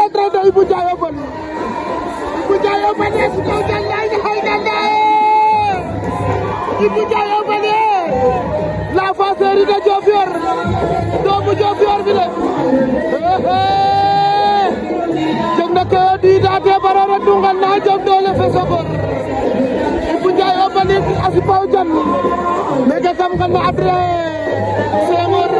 la traité Ibou Ndiaye Open Ibou Ndiaye Open yee si kaw Tanda yi nga xay Tanda yee Ibou Ndiaye Open yee la faseeri de Diofior doomu Diofior bi la jëg na ko di daate barara tungal naa jëm doole fe sokor Ibou Ndiaye Open yee asi paw jan mais nga xam nga ne après Senghor